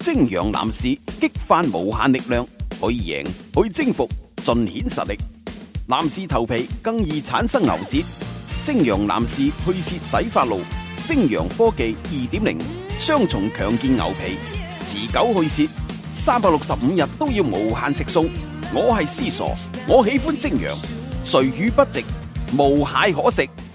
蒸羊男士激發無限力量，去贏，去征服，盡顯實力。男士頭皮更易產生牛屑，蒸羊男士去屑洗髮露，蒸羊科技二點零，雙重強健牛皮，持久去屑，三百六十五日都要無限食餸。我係 C 傻，我喜歡蒸羊，誰予筆直，無蟹可食。